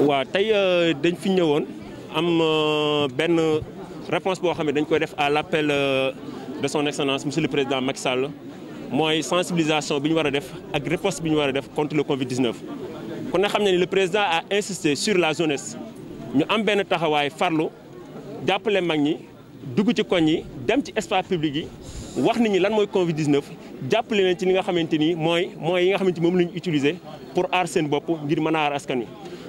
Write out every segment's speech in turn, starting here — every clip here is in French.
waaw tey euh, dañ fi ñëwoon am euh, benn réponse boo xam ne dañ koy def à l'appel euh, de son excellence monsieur le président Macky Sall moy sensibilisation bi ñu war a def ak réponse bi ñu war def contre le Covid 19. kon na xam ni le président a insisté sur la jeunesse ñu am benn taxawaay farlu jàppale mag ñi dugg ci koñ yi dem ci espace public yi wax nit ñi lan moy Covid 19. jàppale leen ci li nga xamante ni moy mooy yi nga xamante ni moom la utiliser pour aar seen bopp ngir mën askan wi.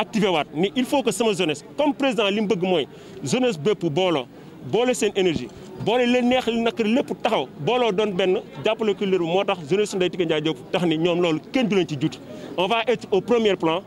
activé wat mais il faut que sama jeunesse comme président lim bëgg jeunesse bëpp bolo bolé sen énergie bolé le neex li nak lepp taxaw bolo don ben jàppale culture bi jeunesse ndey tiké ndjay jox tax ni ñom lool kën du leen ci on va être au premier plan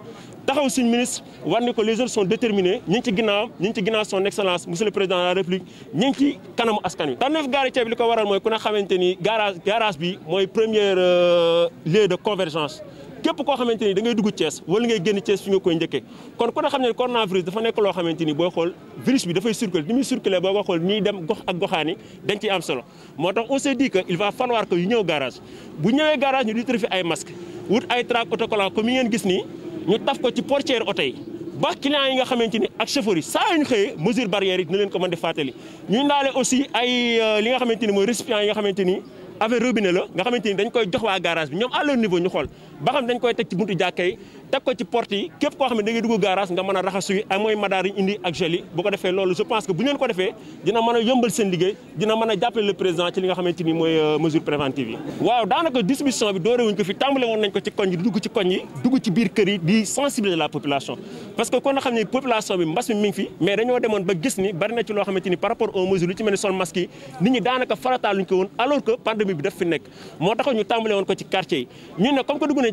taxaw suñu ministre war ko les jeunes sont déterminés ñi ci ginnaawam ñi ci ginaaw son excellence monsieur le président de la république ñi ci kanamu askan wi. tànneef gaare bi ko waral moy ku ne garage garage bi moy premier euh, lieu de convergence. képp koo xamante ni da ngay dugg Thiès wala ngay génn Thiès fi nga koy njëkkee kon ku ne xam ne coronavirus dafa nekk loo xamante ni booy xool virus bi dafay circuler ni muy circuler boo ko xool nii dem gox ak goxaani dañ ciy am solo moo tax on s'est dit que il va falloir que yu ñëw garage bu ñëwee garage ñu di fi ay masque wut ay trac autocollant comme yi ngeen gis nii ñu taf ko ci portière oto yi ba clients yi nga xamante ni ak chauffeurs yi saa yu ñu xëyee mesure leen ko mën di fàttali ñu ndaale aussi ay euh, li nga xamante ni mooy récipients yi nga xamante ni avec robinet la nga xamante ni dañ koy jox waa garage bi ñoom à leur niveau ñu ba xam dañ koy teg ci buntu jàkka yi teg ko ci porte yi képp koo xam ne da ngay garage nga mën a raxasu yi ak mooy madaar yi indi ak gel yi bu ko defee loolu je pense que bu ngeen ko defee dina mën a euh, woon ko ci koñ yi dugg ci koñ yi dugg ne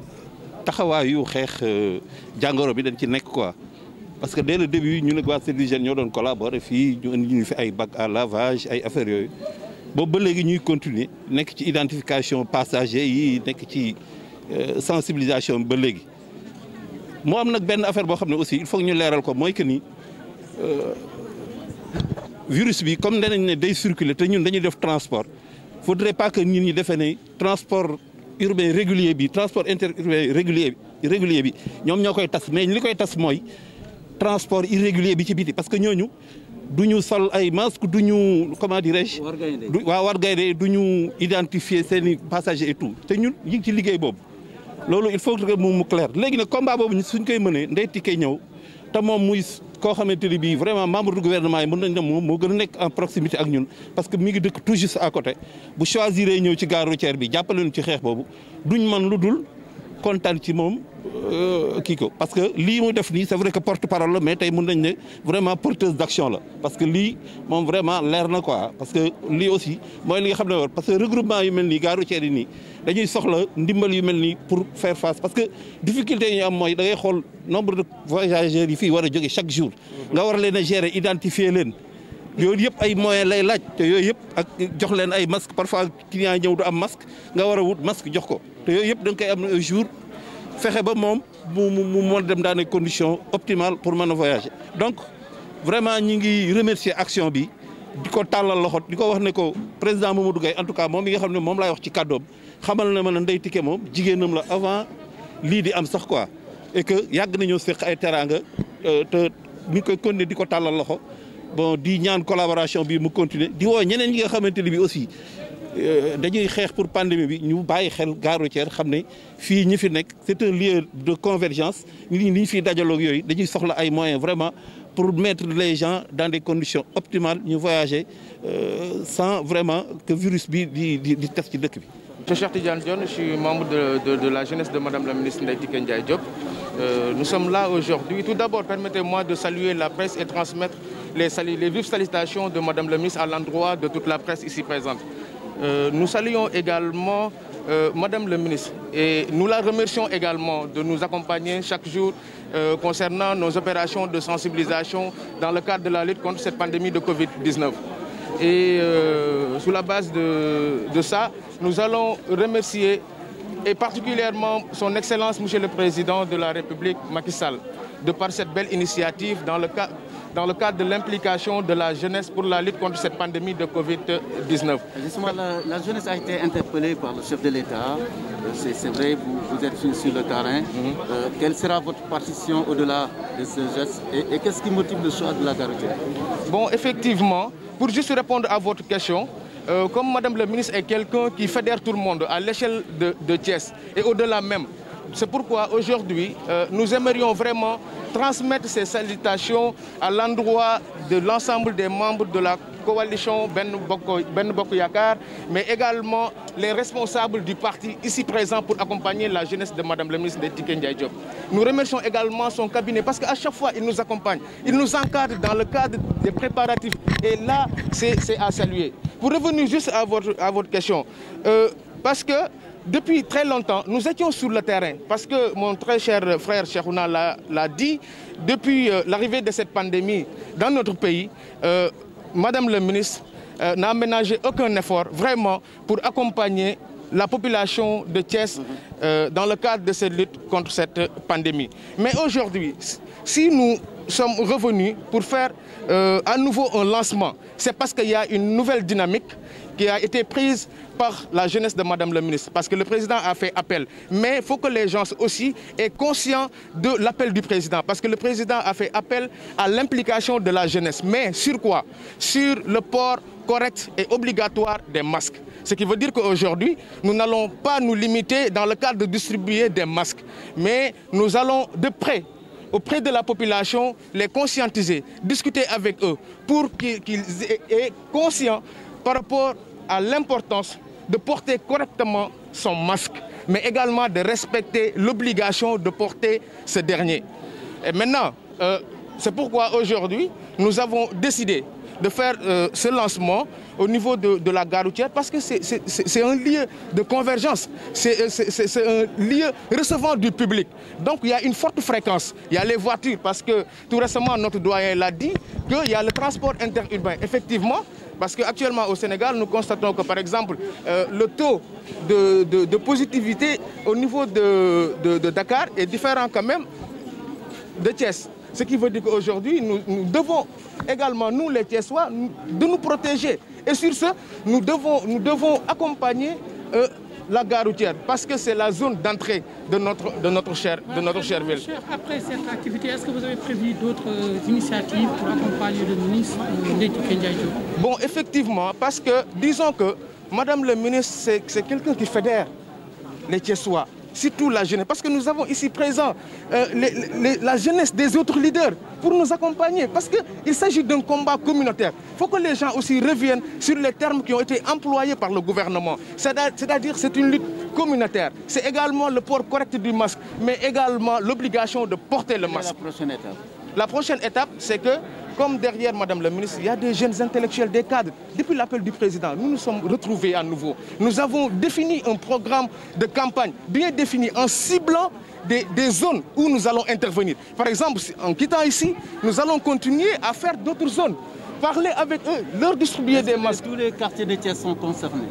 taxawaayu xeex euh, jàngoro bi dañ ci nekk quoi parce que dès le début ñu nag waa service d'hygiène ñoo doon collaborer fii ñu indi ñu fi ay bac à lavage ay affaire. yooyu boobu ba léegi ñuy continuer nekk ci identification passager yi nekk ci euh, sensibilisation ba léegi moo am nag benn affaire boo xam aussi il faut ñu leeral ko mooy que ni euh, virus bi comme danañ ne day circuler te ñun dañuy def transport faudrait pas que nit ñi defee ne transport urbain régulier bi transport interurbain régulier régulier bi ñom ñokoy koy tas mais li likoy tas moy transport irrégulier bi ci biti parce que ñoñu duñu ñu sol ay masque duñu comment dirais-je waaw war gaynde du ñu identifier seen passager et tout té ñun ñu ci liggéey bob lolu il faut que mu clair légui nag combat bobu suñ koy mënee ndey tikkee ñew te moom muy koo xamante ni bii vraiment membre du gouvernement yi mën nañ ne moom moo gën a nekk en proximité ak ñun parce que mi ngi dëkk tout juste à côté bu choisir ñëw ci gare routière bi jàppale ñu ci xeex boobu duñ man lu dul kontaan ci euh, Kiko, parce que lui, mou def c'est vrai que porte parole mais tay mën nañ vraiment porteuse d'action là parce que li mom vraiment l'air na quoi parce que lui aussi moy li nga xam parce que regroupement yu melni nii gare ni, dañuy soxla ndimbal yu melni pour faire face parce que difficulté yi am moy da ngay nombre de voyageurs yi fi wara a chaque jour nga war leen gérer identifier leen yooyu yëpp ay moyen lay laaj te yooyu yëpp ak jox leen ay masque parfois client ñëw du am masque nga war a wut masque jox ko te yooyu yëpp da nga koy am un jour fexe ba moom mu mu mu dem daane condition optimale pour man a voyager. donc vraiment ñi ngi remercier action bi di ko tàllal loxo di ko wax ne ko président moom Mamadou Gueye en tout cas moom i nga xam ne moom laay wax ci kàddoom xamal na ma ne Ndeye Tické moom jigéenam la avant lii di am sax quoi et que yàgg nañoo séq ay teraanga euh, te ñu koy continuer di ko tàllal loxo. bon di ñaan collaboration bi mu continuer di aussi euh, pour pandémie bi ñu gare routière c'est un lieu de convergence ñi ñi fi moyens vraiment pour mettre les gens dans des conditions optimales ñu voyager euh, sans vraiment que virus bi di di Je suis membre de la jeunesse de madame la ministre euh, nous sommes là aujourd'hui. Tout d'abord, permettez-moi de saluer la presse et transmettre les, les vives salutations de Madame le ministre à l'endroit de toute la presse ici présente. Euh, nous saluons également euh, Madame le ministre et nous la remercions également de nous accompagner chaque jour euh, concernant nos opérations de sensibilisation dans le cadre de la lutte contre cette pandémie de Covid-19. Et sous la base de, ça, nous allons remercier et particulièrement son Excellence Monsieur le Président de la République Macky Sall, de par cette belle initiative dans le, cadre de l'implication de la jeunesse pour la lutte contre cette pandémie de Covid-19. Euh, justement, la, jeunesse a été interpellée par le chef de l'État. Euh, c'est vrai, vous, êtes sur le terrain. Mhm. Euh, quelle sera votre partition au-delà de ce geste et, qu'est-ce qui motive le choix de la carrière Bon, effectivement, pour juste répondre à votre question, euh, comme Madame le ministre est quelqu'un qui fédère tout le monde à l'échelle de, de Thiès et au-delà même. C'est pourquoi aujourd'hui, euh, nous aimerions vraiment transmettre ces salutations à l'endroit de l'ensemble des membres de la coalition Ben Boko Yakar mais également les responsables du parti ici présents pour accompagner la jeunesse de madame la ministre de Tiken Diop. Nous remercions également son cabinet parce qu'à chaque fois il nous accompagne, il nous encadre dans le cadre des préparatifs et là c'est à saluer. Pour revenir juste à votre question euh, parce que depuis très longtemps, nous étions sur le terrain parce que mon très cher frère Cheikhouna l'a dit, depuis euh, l'arrivée de cette pandémie dans notre pays, euh, Madame la ministre euh, n'a aménagé aucun effort vraiment pour accompagner la population de Thiès mhm. euh, dans le cadre de cette lutte contre cette pandémie. Mais aujourd'hui, si nous sommes revenus pour faire euh, à nouveau un lancement. C'est parce qu'il y a une nouvelle dynamique qui a été prise par la jeunesse de Madame le ministre, parce que le président a fait appel. Mais il faut que les gens aussi aient conscients de l'appel du président, parce que le président a fait appel à l'implication de la jeunesse. Mais sur quoi Sur le port correct et obligatoire des masques. Ce qui veut dire qu'aujourd'hui, nous n'allons pas nous limiter dans le cadre de distribuer des masques, mais nous allons de près auprès de la population, les conscientiser, discuter avec eux pour qu'ils soient conscients par rapport à l'importance de porter correctement son masque, mais également de respecter l'obligation de porter ce dernier. Et maintenant, euh, c'est pourquoi aujourd'hui, nous avons décidé de faire euh, ce lancement au niveau de, la gare routière parce que c'est un lieu de convergence, euh, c'est un lieu recevant du public. Donc il y a une forte fréquence, il y a les voitures parce que tout récemment notre doyen l'a dit qu'il y a le transport interurbain. Effectivement, parce qu'actuellement au Sénégal, nous constatons que par exemple euh, le taux de, positivité au niveau de, Dakar est différent quand même de Thiès. Ce qui veut dire qu'aujourd'hui, nous, devons également, nous les Tiessois, de nous protéger. Et sur ce, nous devons, nous devons accompagner euh, la gare routière, parce que c'est la zone d'entrée de notre, de notre, chère, de notre chère ville. Après cette activité, est-ce que vous avez prévu d'autres euh, initiatives pour accompagner le ministre euh, Bon, effectivement, parce que disons que Madame le ministre, c'est quelqu'un qui fédère les Tiessois surtout la jeunesse, parce que nous avons ici présent euh, la jeunesse des autres leaders pour nous accompagner, parce qu'il s'agit d'un combat communautaire. Il faut que les gens aussi reviennent sur les termes qui ont été employés par le gouvernement. C'est-à-dire c'est une lutte communautaire. C'est également le port correct du masque, mais également l'obligation de porter le masque. la prochaine étape c'est que comme derrière Madame la ministre, il y a des jeunes intellectuels, des cadres. Depuis l'appel du président, nous nous sommes retrouvés à nouveau. Nous avons défini un programme de campagne bien défini en ciblant des, zones où nous allons intervenir. Par exemple, en quittant ici, nous allons continuer à faire d'autres zones. Parler avec eux, leur distribuer des masques. Tous les quartiers de tiers sont concernés.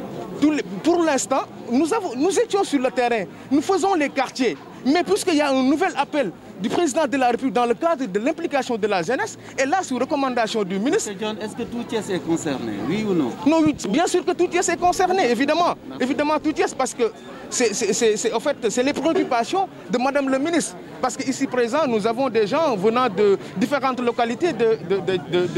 pour l'instant, nous, nous étions sur le terrain. Nous faisons les quartiers. Mais puisqu'il y a un nouvel appel du président de la République dans le cadre de l'implication de la jeunesse, et là, sous recommandation du ministre... est-ce que tout Thiès est concerné, oui ou non Non, bien sûr que tout Thiès est concerné, évidemment. Évidemment, tout Thiès, parce que c'est en fait, les préoccupations de Madame le ministre. Parce qu'ici présent, nous avons des gens venant de différentes localités de,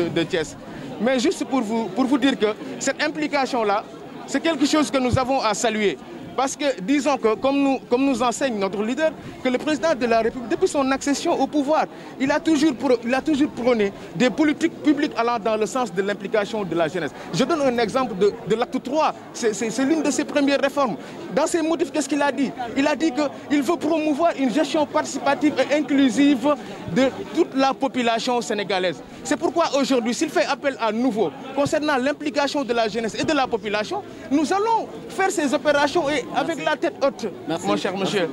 de, Thiès. Mais juste pour vous, pour vous dire que cette implication-là, c'est quelque chose que nous avons à saluer. Parce que disons que, comme nous, comme nous enseigne notre leader, que le président de la République, depuis son accession au pouvoir, il a toujours, il a toujours prôné des politiques publiques allant dans le sens de l'implication de la jeunesse. Je donne un exemple de, l'acte 3, c'est l'une de ses premières réformes. Dans ses motifs, qu'est-ce qu'il a dit Il a dit qu'il veut promouvoir une gestion participative et inclusive de toute la population sénégalaise. C'est pourquoi aujourd'hui, s'il fait appel à nouveau concernant l'implication de la jeunesse et de la population, nous allons faire ces opérations et avec la tête haute, mon cher monsieur.